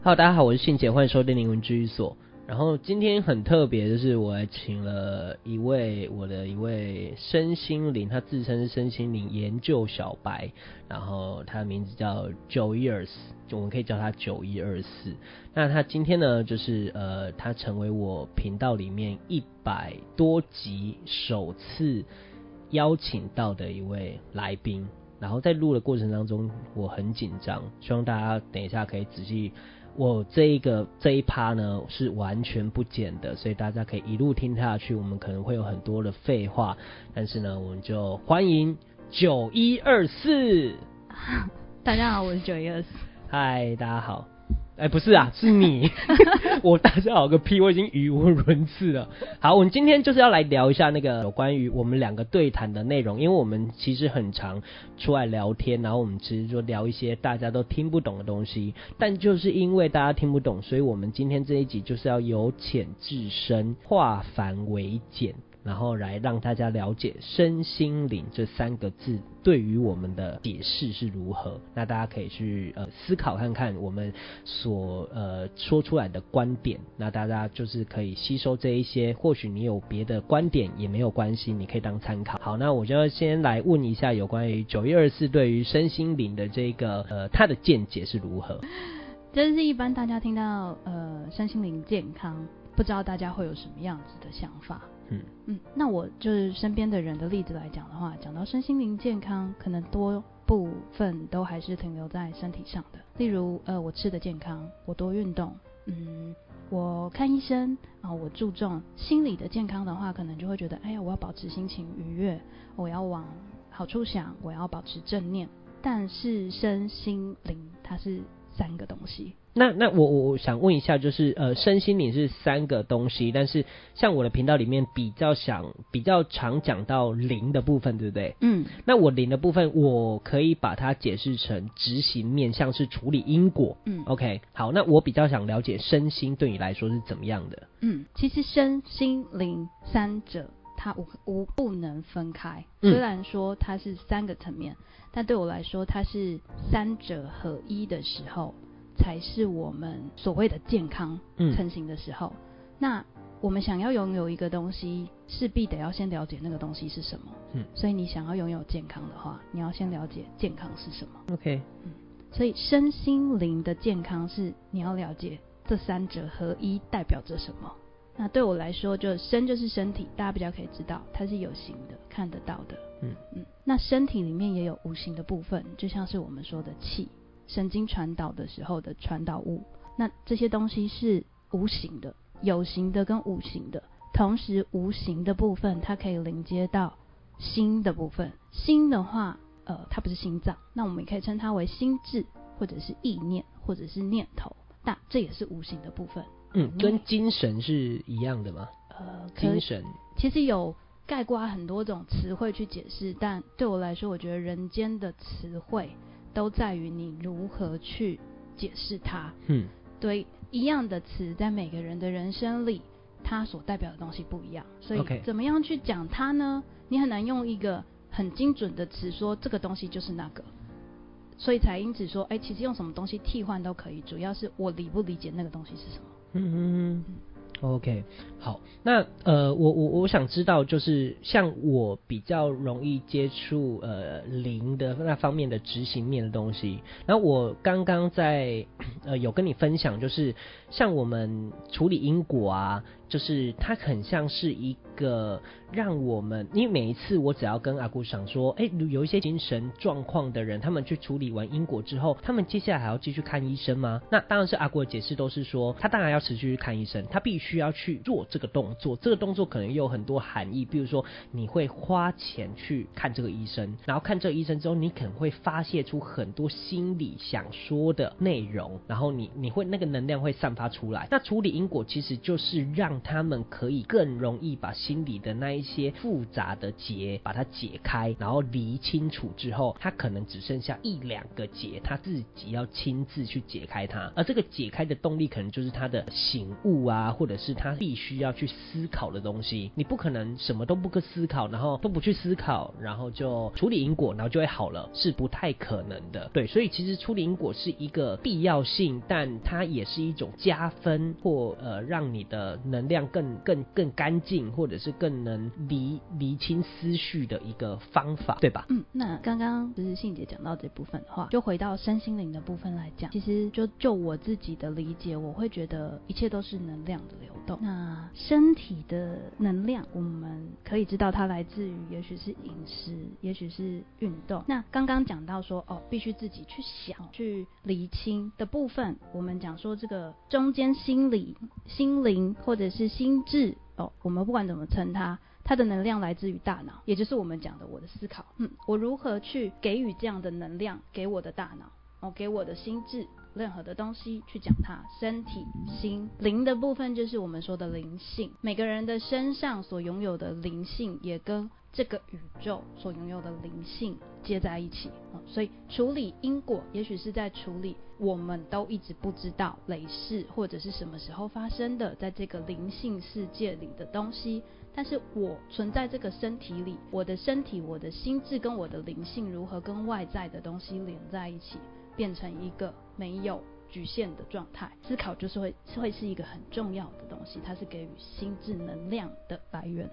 Hello，大家好，我是信杰，歡迎收聽靈魂居所。然後今天很特別，就是我來請了一位我的一位身心靈，他自稱是身心靈研究小白，然後他的名字叫九一二四，我們可以叫他九一二四。那他今天呢，就是呃，他成為我頻道裡面一百多集首次邀請到的一位來賓。然後在錄的過程當中，我很緊張，希望大家等一下可以仔細。我這一個這一趴呢是完全不剪的，所以大家可以一路聽下去。我們可能會有很多的廢話，但是呢，我們就歡迎9124。大家好，我是9124。嗨，大家好。哎、欸，不是啊，是你 我大家好個屁，我已經語無倫次了。好，我們今天就是要來聊一下那個有關於我們兩個對談的內容，因為我們其實很常出來聊天，然後我們其實說聊一些大家都聽不懂的東西，但就是因為大家聽不懂，所以我們今天這一集就是要由淺至深，化繁為簡。然後來讓大家了解身心靈這三個字對於我們的解釋是如何。那大家可以去呃思考看看我們所呃說出來的觀點。那大家就是可以吸收這一些，或許你有別的觀點也沒有關係，你可以當參考。好，那我就先來問一下有關於9124對於身心靈的這個呃他的見解是如何？就是一般大家聽到呃身心靈健康，不知道大家會有什麼樣子的想法？嗯嗯，那我就是身邊的人的例子來講的話，講到身心靈健康，可能多部分都還是停留在身體上的。例如，呃，我吃得健康，我多運動，嗯，我看醫生啊，然後我注重心理的健康的話，可能就會覺得，哎呀，我要保持心情愉悅，我要往好處想，我要保持正念。但是身心靈它是三個東西。那那我我我想問一下，就是呃，身心靈是三個東西，但是像我的頻道裡面比較想比較常講到靈的部分，對不對？嗯，那我靈的部分，我可以把它解釋成執行面向是處理因果。嗯，OK，好，那我比較想了解身心對你來說是怎麼樣的？嗯，其實身心靈三者它無無不能分開，雖然說它是三個層面，但對我來說它是三者合一的時候。才是我們所謂的健康，嗯，成型的時候。嗯、那我們想要擁有一個東西，勢必得要先了解那個東西是什麼。嗯，所以你想要擁有健康的話，你要先了解健康是什麼。OK。嗯，所以身心靈的健康是你要了解這三者合一代表着什麼。那對我來說，就身就是身體，大家比較可以知道它是有形的，看得到的。嗯嗯。那身體裡面也有無形的部分，就像是我們說的氣。神經傳導的時候的傳導物，那這些東西是無形的、有形的跟無形的。同時，無形的部分它可以連接到心的部分。心的話，呃，它不是心臟，那我們也可以稱它為心智，或者是意念，或者是念頭。那這也是無形的部分。嗯，跟精神是一樣的嗎？呃，精神其實有概括很多種詞彙去解釋，但對我來說，我覺得人間的詞彙。都在於你如何去解釋它。嗯，對，一樣的詞在每個人的人生裡，它所代表的東西不一樣。所以怎麼樣去講它呢？Okay. 你很難用一個很精準的詞說這個東西就是那個，所以才因此說，哎、欸，其實用什麼東西替換都可以，主要是我理不理解那個東西是什麼。嗯 OK，好，那呃，我我我想知道，就是像我比較容易接觸呃靈的那方面的執行面的東西，那我剛剛在呃有跟你分享，就是像我們處理因果啊。就是他很像是一個讓我們，因為每一次我只要跟阿姑想說，哎，有一些精神狀況的人，他們去處理完因果之後，他們接下來還要繼續看醫生嗎？那當然是阿姑的解釋都是說，他當然要持續去看醫生，他必須要去做這個動作。這個動作可能有很多含義，比如說你會花錢去看這個醫生，然後看這個醫生之後，你可能會發洩出很多心裡想說的內容，然後你你會那個能量會散發出來。那處理因果其實就是讓。他們可以更容易把心裡的那一些複雜的結把它解開，然後理清楚之後，他可能只剩下一兩個結，他自己要親自去解開它。而這個解開的動力，可能就是他的醒悟啊，或者是他必須要去思考的東西。你不可能什麼都不思考，然後都不去思考，然後就處理因果，然後就會好了，是不太可能的。對，所以其實處理因果是一個必要性，但它也是一種加分或呃，讓你的能力。量更更更乾淨，或者是更能理理清思緒的一個方法，對吧？嗯，那剛剛不是信姐講到這部分的話，就回到身心靈的部分來講，其實就就我自己的理解，我會覺得一切都是能量的流動。那身體的能量，我們可以知道它來自於也許是飲食，也許是運動。那剛剛講到說哦，必須自己去想去理清的部分，我們講說這個中間心理心靈或者是。是心智哦，我們不管怎麼稱它，它的能量來自於大腦，也就是我們講的我的思考。嗯，我如何去給予這樣的能量給我的大腦，哦，給我的心智，任何的東西去講它。身體、心、靈的部分就是我們說的靈性。每個人的身上所擁有的靈性，也跟這個宇宙所擁有的靈性接在一起，嗯，所以處理因果，也許是在處理我們都一直不知道累世或者是什麼時候發生的，在這個靈性世界裡的東西。但是我存在這個身體裡，我的身體、我的心智跟我的靈性如何跟外在的東西連在一起，變成一個沒有局限的狀態。思考就是會會是一個很重要的東西，它是給予心智能量的來源。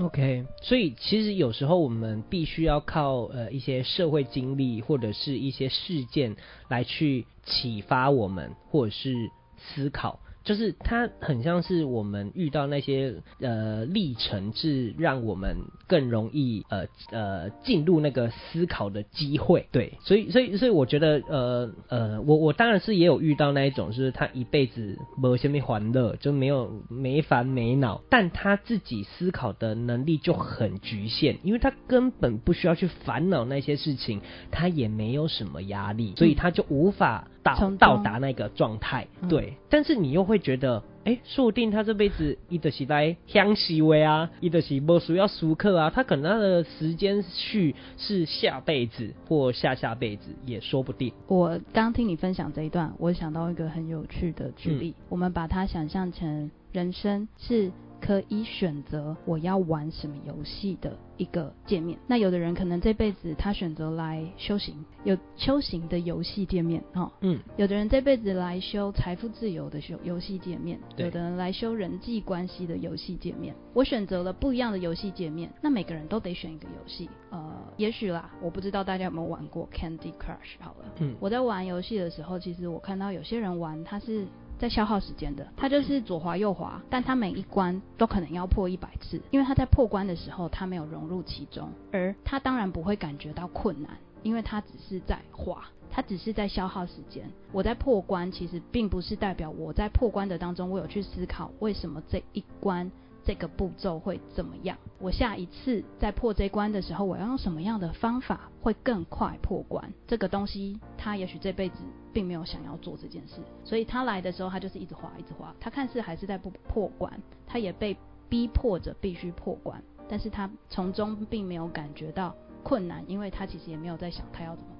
OK，所以其實有時候我們必須要靠呃一些社會經歷或者是一些事件來去啟發我們，或者是思考。就是他很像是我們遇到那些呃歷程，是讓我們更容易呃呃進入那個思考的機會。對，所以所以所以我覺得呃呃我我當然是也有遇到那一種，就是他一輩子沒什麼歡樂，就沒有沒煩沒惱，但他自己思考的能力就很局限，因為他根本不需要去煩惱那些事情，他也沒有什麼壓力，所以他就無法。到到達那個狀態，嗯，對，但是你又會覺得，哎、欸，說不定他這輩子一直在香喜味啊，一直在播書要熟客啊，他可能他的時間序是下輩子或下下輩子也說不定。我剛聽你分享這一段，我想到一個很有趣的舉例、嗯，我們把它想象成人生是。可以選擇我要玩什麼遊戲的一個界面。那有的人可能這輩子他選擇來修行，有修行的遊戲界面哈。嗯。有的人這輩子來修財富自由的修遊戲界面，有的人來修人際關係的遊戲界面。我選擇了不一樣的遊戲界面。那每個人都得選一個遊戲。呃，也許啦，我不知道大家有沒有玩過 Candy Crush，好了。嗯。我在玩遊戲的時候，其實我看到有些人玩，他是。在消耗時間的，他就是左滑右滑，但他每一關都可能要破一百次，因為他在破關的時候，他沒有融入其中，而他當然不會感覺到困難，因為他只是在滑，他只是在消耗時間。我在破關，其實並不是代表我在破關的當中，我有去思考為什麼這一關，這個步驟會怎麼樣？我下一次再破這關的時候，我要用什麼樣的方法會更快破關？這個東西，他也許這輩子並沒有想要做這件事，所以他來的時候，他就是一直滑，一直滑。他看似還是在不破關，他也被逼迫着必須破關，但是他從中並沒有感覺到困難，因為他其實也沒有在想他要怎麼。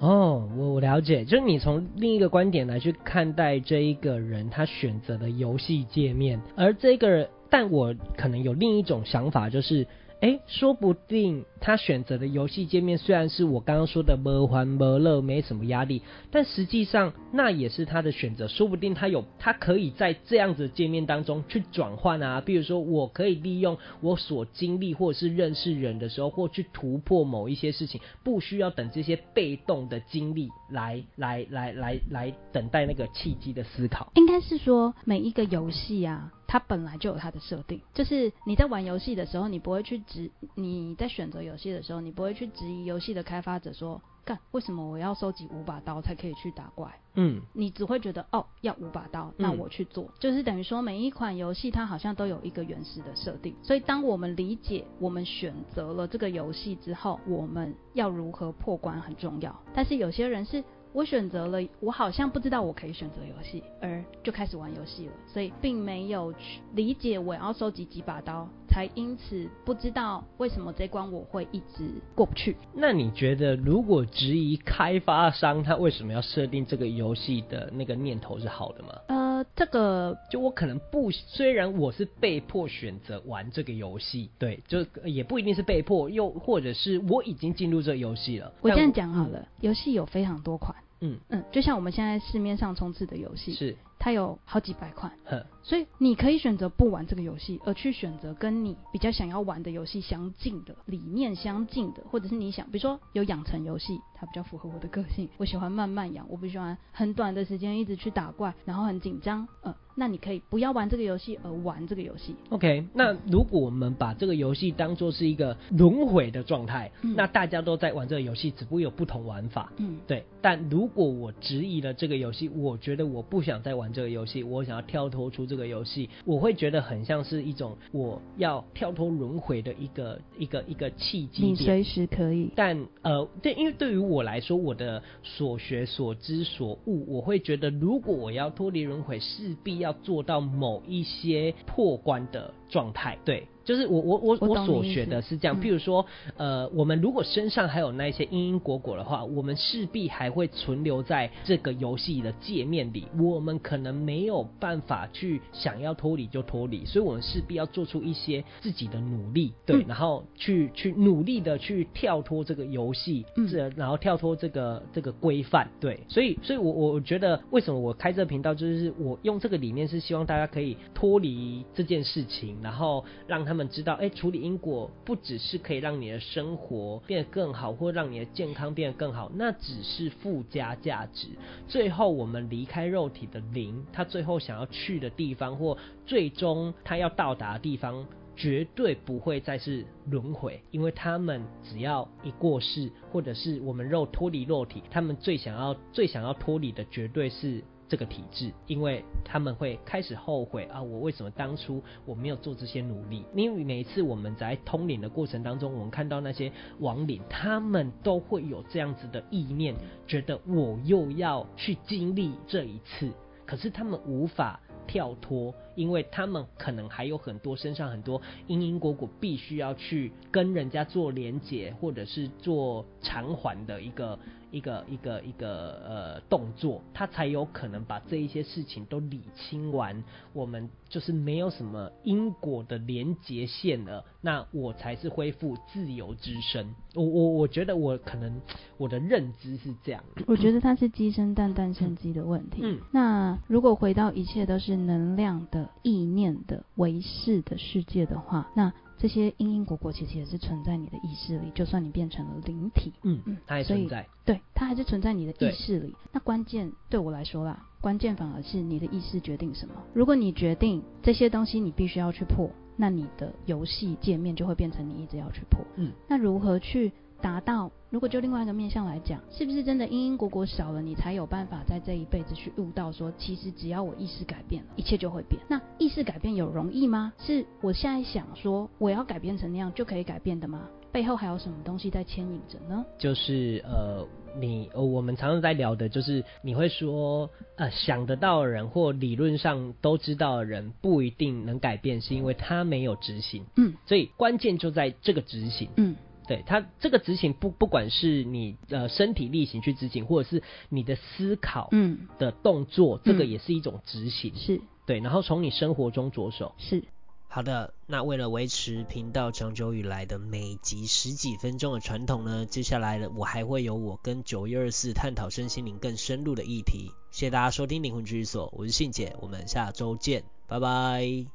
哦，我我了解，就是你從另一個觀點來去看待這一個人他選擇的遊戲界面，而這個人，但我可能有另一種想法，就是。哎，說不定他選擇的遊戲界面雖然是我剛剛說的魔幻、魔樂，沒什麼壓力，但實際上那也是他的選擇。說不定他有，他可以在這樣子的界面當中去轉換啊。比如說，我可以利用我所經歷或者是認識人的時候，或去突破某一些事情，不需要等這些被動的經歷來來來來，來、來等待那個契機的思考。應該是說每一個遊戲啊。它本來就有它的設定，就是你在玩遊戲的時候，你不會去質；你在選擇遊戲的時候，你不會去質疑遊戲的開發者說，看，為什麼我要收集五把刀才可以去打怪？嗯，你只會覺得哦，要五把刀，那我去做。嗯、就是等於說，每一款遊戲它好像都有一個原始的設定。所以，當我們理解我們選擇了這個遊戲之後，我們要如何破關很重要。但是，有些人是。我選擇了，我好像不知道我可以選擇遊戲，而就開始玩遊戲了，所以並沒有去理解，我要收集幾把刀，才因此不知道為什麼這關我會一直過不去。那你覺得，如果質疑開發商他為什麼要設定這個遊戲的那個念頭是好的嗎？呃這個就我可能不，雖然我是被迫選擇玩這個遊戲，對，就也不一定是被迫，又或者是我已經進入這個遊戲了。我這樣講好了，嗯，遊戲有非常多款，嗯嗯，就像我們現在市面上充斥的遊戲是。它有好幾百款，嗯，所以你可以選擇不玩這個遊戲，而去選擇跟你比較想要玩的遊戲相近的，理念相近的，或者是你想，比如說有養成遊戲，它比較符合我的個性，我喜歡慢慢養，我不喜歡很短的時間一直去打怪，然後很緊張。呃、嗯，那你可以不要玩這個遊戲，而玩這個遊戲。OK，那如果我們把這個遊戲當作是一個輪回的狀態，嗯，那大家都在玩這個遊戲，只不過有不同玩法。嗯，對。但如果我質疑了這個遊戲，我覺得我不想再玩這個遊戲。這個遊戲，我想要跳脫出這個遊戲，我會覺得很像是一種我要跳脫輪迴的一個一個一個契機。你隨時可以，但呃，對，因為對於我來說，我的所學、所知、所悟，我會覺得如果我要脫離輪迴，勢必要做到某一些破關的狀態。對。就是我我我我所學的是這樣，譬如說，呃，我們如果身上還有那些因因果果的話，我們勢必還會存留在這個遊戲的界面裡，我們可能沒有辦法去想要脫離就脫離，所以我們勢必要做出一些自己的努力，對，然後去去努力的去跳脫這個遊戲，嗯，然後跳脫這個這個規範，對，所以所以我我覺得為什麼我開這個頻道，就是我用這個理念是希望大家可以脫離這件事情，然後讓他。他們知道，哎、欸，處理因果不只是可以讓你的生活變得更好，或讓你的健康變得更好，那只是附加價值。最後，我們離開肉體的靈，他最後想要去的地方，或最終他要到達的地方，絕對不會再是輪迴，因為他們只要一過世，或者是我們肉脫離肉體，他們最想要、最想要脫離的，絕對是。這個體質，因為他們會開始後悔啊！我為什麼當初我沒有做這些努力？因為每一次我們在通靈的過程當中，我們看到那些亡靈，他們都會有這樣子的意念，覺得我又要去經歷這一次，可是他們無法跳脫，因為他們可能還有很多身上很多因因果果，必須要去跟人家做連結，或者是做償還的一個。一個一個一個呃動作，他才有可能把這一些事情都理清完。我們就是沒有什麼因果的連結線了，那我才是恢復自由之身。我我我覺得我可能我的認知是這樣。我覺得它是雞生蛋，蛋生雞的問題。嗯，那如果回到一切都是能量的、意念的、唯識的世界的話，那。這些因因果果其實也是存在你的意識裡，就算你變成了靈體，嗯，嗯，它還存在，對，它還是存在你的意識裡。那關鍵對我來說啦，關鍵反而是你的意識決定什麼。如果你決定這些東西你必須要去破，那你的遊戲界面就會變成你一直要去破。嗯，那如何去？達到，如果就另外一個面向來講，是不是真的因因果果少了，你才有辦法在這一輩子去悟到說，其實只要我意識改變了，一切就會變。那意識改變有容易嗎？是我現在想說我要改變成那樣就可以改變的嗎？背後還有什麼東西在牽引着呢？就是呃，你呃，我們常常在聊的就是你會說，呃想得到的人或理論上都知道的人不一定能改變，是因為他沒有執行。嗯，所以關鍵就在這個執行。嗯。對，他這個執行不，不管是你呃身體力行去執行，或者是你的思考嗯的動作、嗯，這個也是一種執行、嗯、是對。然後從你生活中着手是好的。那為了維持頻道長久以來的每集十幾分鐘的傳統呢，接下來呢，我還會有我跟九一二四探討身心靈更深入的議題。謝謝大家收聽靈魂治癒所，我是信姐，我們下週見，拜拜。